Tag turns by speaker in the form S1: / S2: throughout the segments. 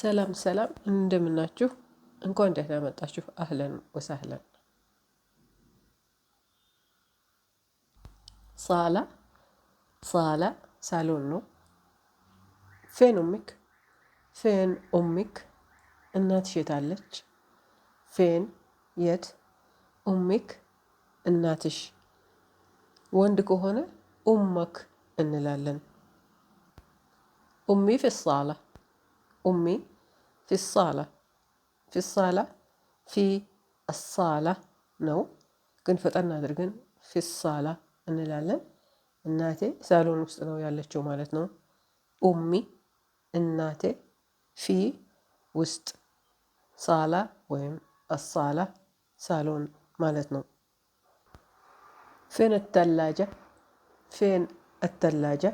S1: ሰላም ሰላም፣ እንደምናችሁ። እንኳን ደህና መጣችሁ። አህለን ወሳህለን። ሳላ ሳላ ሳሎን ነው። ፌን ኡሚክ ፌን ኡሚክ፣ እናትሽ የታለች? ፌን የት፣ ኡሚክ እናትሽ፣ ወንድ ከሆነ ኡመክ እንላለን። ኡሚ ፊ ሳላ ኡሚ ፊሳላ ፊሳላ ፊ አሳላ ነው፣ ግን ፈጠን አድርገን ፊሳላ እንላለን። እናቴ ሳሎን ውስጥ ነው ያለችው ማለት ነው። ኡሚ እናቴ፣ ፊ ውስጥ፣ ሳላ ወይም አሳላ ሳሎን ማለት ነው። ፌን አተላጃ ፌን አተላጃ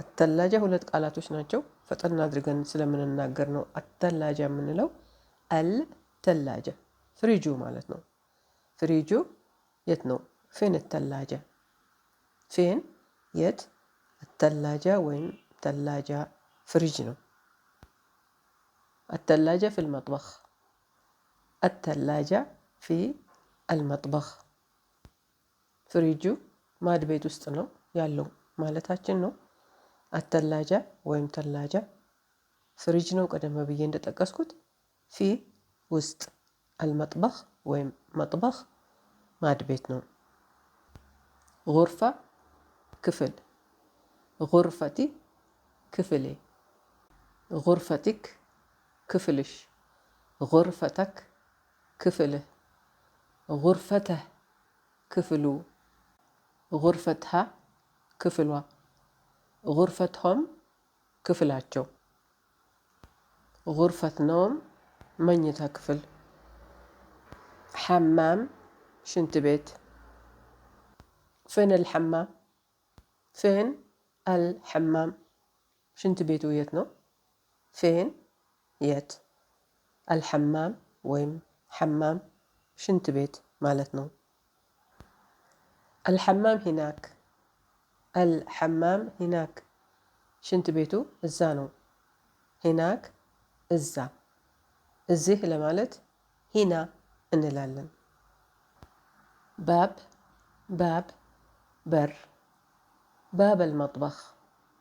S1: አተላጃ ሁለት ቃላቶች ናቸው። ፈጠን አድርገን ስለምንናገር ነው አተላጃ የምንለው። አል ተላጃ ፍሪጁ ማለት ነው። ፍሪጁ የት ነው? ፌን ተላጃ ፌን የት? አተላጃ ወይም ተላጃ ፍሪጅ ነው። አተላጃ ፊ ልመጥበኽ አተላጃ ፊ አልመጥበኽ ፍሪጁ ማድ ቤት ውስጥ ነው ያለው ማለታችን ነው። አተላጃ ወይም ተላጃ ፍሪጅ ነው። ቀደም ብዬ እንደጠቀስኩት ፊ ውስጥ አልመጥበኽ ወይም መጥበኽ ማድ ቤት ነው። ጉርፋ ክፍል፣ ጉርፈቲ ክፍሌ፣ ጉርፈቲክ ክፍልሽ፣ ጉርፈተክ ክፍልህ፣ ጉርፈተህ ክፍሉ፣ ጉርፈትሃ ክፍሏ غرفتهم كفلاتشو غرفة نوم منيتها كفل حمام شنت بيت فين الحمام فين الحمام شنت بيت ويتنو فين يت الحمام وين حمام شنت بيت مالتنو الحمام هناك الحمام هناك شنت بيتو الزانو هناك الزا الزيه مالت هنا انلالن باب باب بر باب المطبخ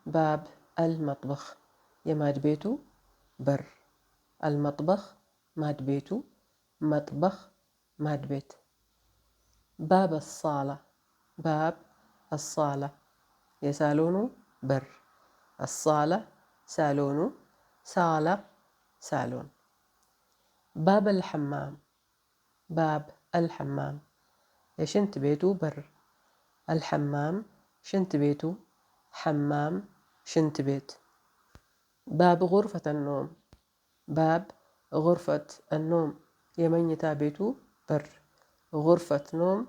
S1: باب المطبخ يا يماد بيتو بر المطبخ ماد بيتو مطبخ ماد بيت باب الصالة باب الصالة የሳሎኑ በር አሳላ ሳሎኑ ሳላ ሳሎን ባብ አልሐማም ባብ አልሐማም የሽንት ቤቱ በር አልሐማም ሽንት ቤቱ حمام شنت بيت باب غرفة النوم باب غرفة النوم يمنيتا يتابيتو بر غرفة نوم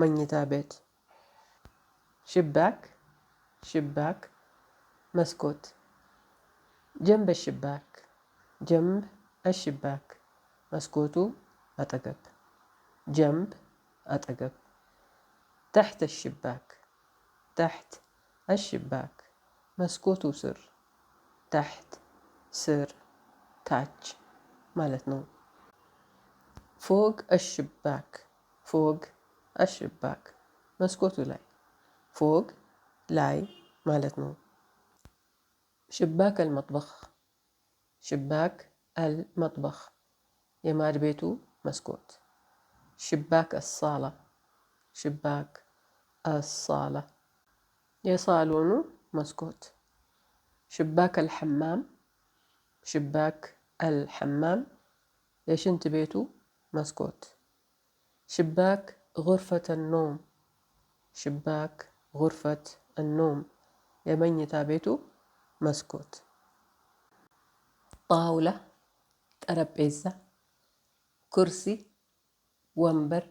S1: من يتابيت شباك شباك مسكوت جنب الشباك جنب الشباك مسكوتو أتقب جنب أتقب تحت الشباك تحت الشباك مسكوتو سر تحت سر تاج مالتنو فوق الشباك فوق الشباك مسكوتو لاي فوق لاي مالتنا شباك المطبخ شباك المطبخ يمار بيتو مسكوت شباك الصالة شباك الصالة يصالونو مسكوت شباك الحمام شباك الحمام يشنت بيتو مسكوت شباك غرفة النوم شباك غرفة እኖም የመኝታ ቤቱ መስኮት፣ ጣውላ፣ ጠረጴዛ፣ ኩርሲ፣ ወንበር፣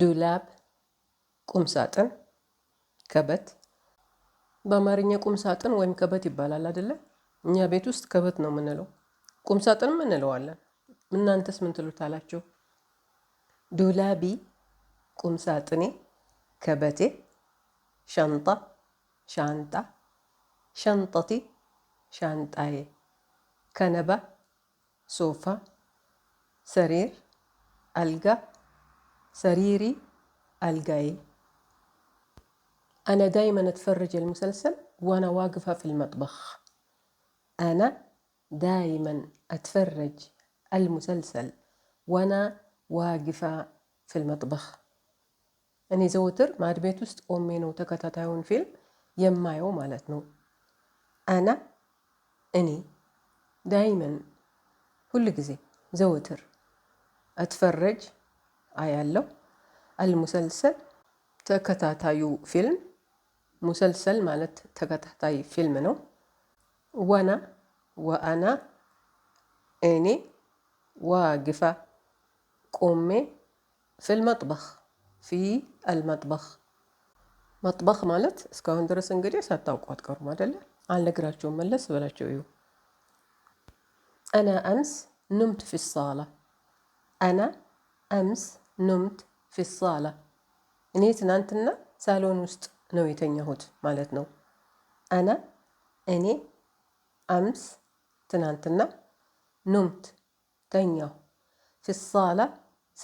S1: ዱላብ፣ ቁምሳጥን፣ ከበት በአማርኛ ቁምሳጥን ወይም ከበት ይባላል አይደለ? እኛ ቤት ውስጥ ከበት ነው የምንለው፣ ቁምሳጥንም እንለዋለን። እናንተስ ምን ትሉት አላችሁ? ዱላቢ ቁምሳጥኔ፣ ከበቴ شنطة شنطة شنطتي شنطاي كنبة سوفة سرير ألقى سريري ألقاي أنا دايما أتفرج المسلسل وأنا واقفة في المطبخ أنا دايما أتفرج المسلسل وأنا واقفة في المطبخ እኔ ዘውትር ማድቤት ውስጥ ቆሜ ነው ተከታታዩን ፊልም የማየው ማለት ነው። አና እኔ ዳይመን ሁል ጊዜ ዘውትር አትፈረጅ አያለው አልሙሰልሰል ተከታታዩ ፊልም ሙሰልሰል ማለት ተከታታይ ፊልም ነው። ዋና ወአና እኔ ዋግፋ ቆሜ ፊልም ፊ አልመጥበኽ መጥበኽ ማለት እስካሁን ድረስ እንግዲህ ሳታውቁ አትቀሩም አይደለ? አልነግራችሁም፣ መለስ ብላችሁ እዩ። አና አምስ ኑምት ፊሳላ አና አምስ ኑምት ፊሳላ እኔ ትናንትና ሳሎን ውስጥ ነው የተኛሁት ማለት ነው። አና እኔ አምስ ትናንትና ኑምት ተኛሁ ፊሳላ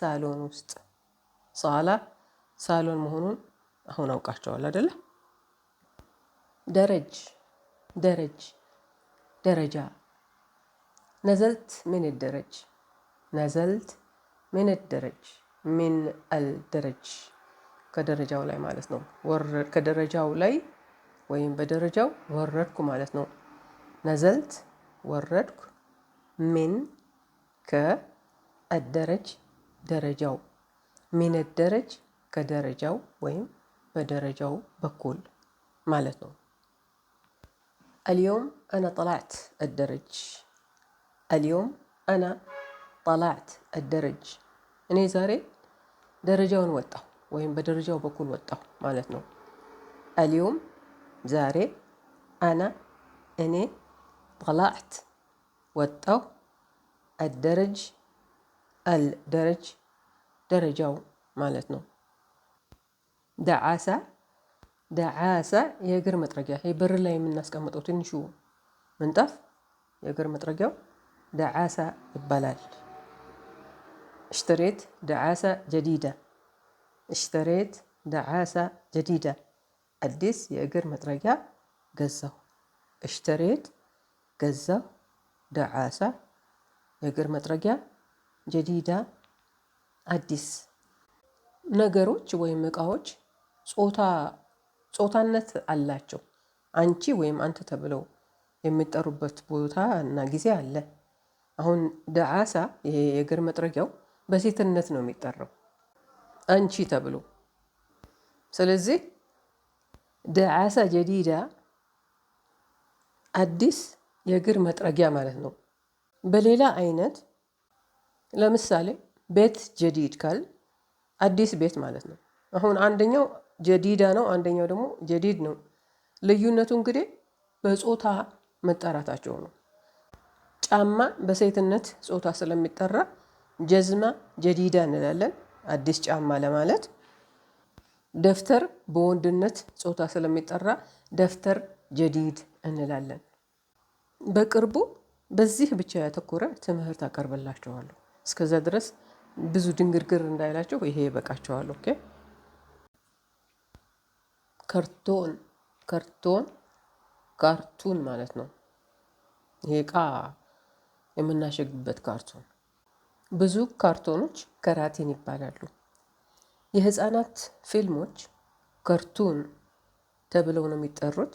S1: ሳሎን ውስጥ ሳላ ሳሎን መሆኑን አሁን አውቃቸዋል አይደለ? ደረጅ ደረጅ ደረጃ ነዘልት ምን ደረጅ ነዘልት ምን ደረጅ ምን አልደረጅ ከደረጃው ላይ ማለት ነው። ከደረጃው ላይ ወይም በደረጃው ወረድኩ ማለት ነው። ነዘልት ወረድኩ፣ ምን ከአደረጅ ደረጃው من الدرج كدرجو وين بدرجو بكل مالتو اليوم أنا طلعت الدرج اليوم أنا طلعت الدرج أنا زاري درجو نوطا وين بدرجو بكل وطا مالتو اليوم زاري أنا أني طلعت وطا الدرج الدرج ደረጃው ማለት ነው። ደዓሳ ደዓሳ የእግር መጥረጊያ ይሄ በር ላይ የምናስቀምጠው ትንሹ ምንጣፍ የእግር መጥረጊያው ደዓሳ ይባላል። እሽተሬት ደዓሳ ጀዲዳ እሽተሬት ደዓሳ ጀዲዳ አዲስ የእግር መጥረጊያ ገዛሁ። እሽተሬት ገዛሁ። ደዓሳ የእግር መጥረጊያ ጀዲዳ አዲስ ነገሮች ወይም እቃዎች ጾታ ጾታነት አላቸው አንቺ ወይም አንተ ተብለው የሚጠሩበት ቦታ እና ጊዜ አለ። አሁን ደዓሳ ይሄ የእግር መጥረጊያው በሴትነት ነው የሚጠራው አንቺ ተብሎ ስለዚህ ደዓሳ ጀዲዳ አዲስ የእግር መጥረጊያ ማለት ነው። በሌላ አይነት ለምሳሌ ቤት ጀዲድ ካል አዲስ ቤት ማለት ነው። አሁን አንደኛው ጀዲዳ ነው፣ አንደኛው ደግሞ ጀዲድ ነው። ልዩነቱ እንግዲህ በጾታ መጠራታቸው ነው። ጫማ በሴትነት ጾታ ስለሚጠራ ጀዝማ ጀዲዳ እንላለን አዲስ ጫማ ለማለት። ደብተር በወንድነት ጾታ ስለሚጠራ ደብተር ጀዲድ እንላለን። በቅርቡ በዚህ ብቻ ያተኮረ ትምህርት አቀርብላችኋለሁ። እስከዛ ድረስ ብዙ ድንግርግር እንዳይላቸው ይሄ ይበቃቸዋል። ኦኬ ከርቶን ከርቶን ካርቱን ማለት ነው። ይሄ እቃ የምናሸግበት ካርቶን። ብዙ ካርቶኖች ከራቲን ይባላሉ። የህፃናት ፊልሞች ከርቱን ተብለው ነው የሚጠሩት።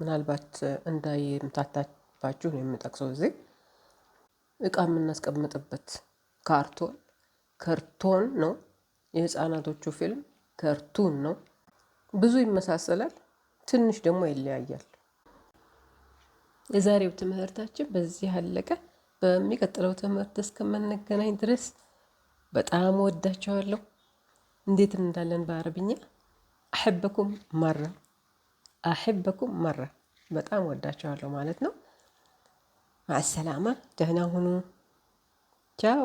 S1: ምናልባት እንዳይምታታባችሁ ነው የምጠቅሰው እዚህ እቃ የምናስቀምጥበት ካርቶን ከርቶን ነው። የህፃናቶቹ ፊልም ከርቱን ነው። ብዙ ይመሳሰላል፣ ትንሽ ደግሞ ይለያያል። የዛሬው ትምህርታችን በዚህ አለቀ። በሚቀጥለው ትምህርት እስከምንገናኝ ድረስ በጣም ወዳቸዋለሁ። እንዴት እንዳለን በአረብኛ አሕበኩም መራ አሕበኩም መራ፣ በጣም ወዳቸዋለሁ ማለት ነው። ማዕሰላማ ደህና ሁኑ። ቻው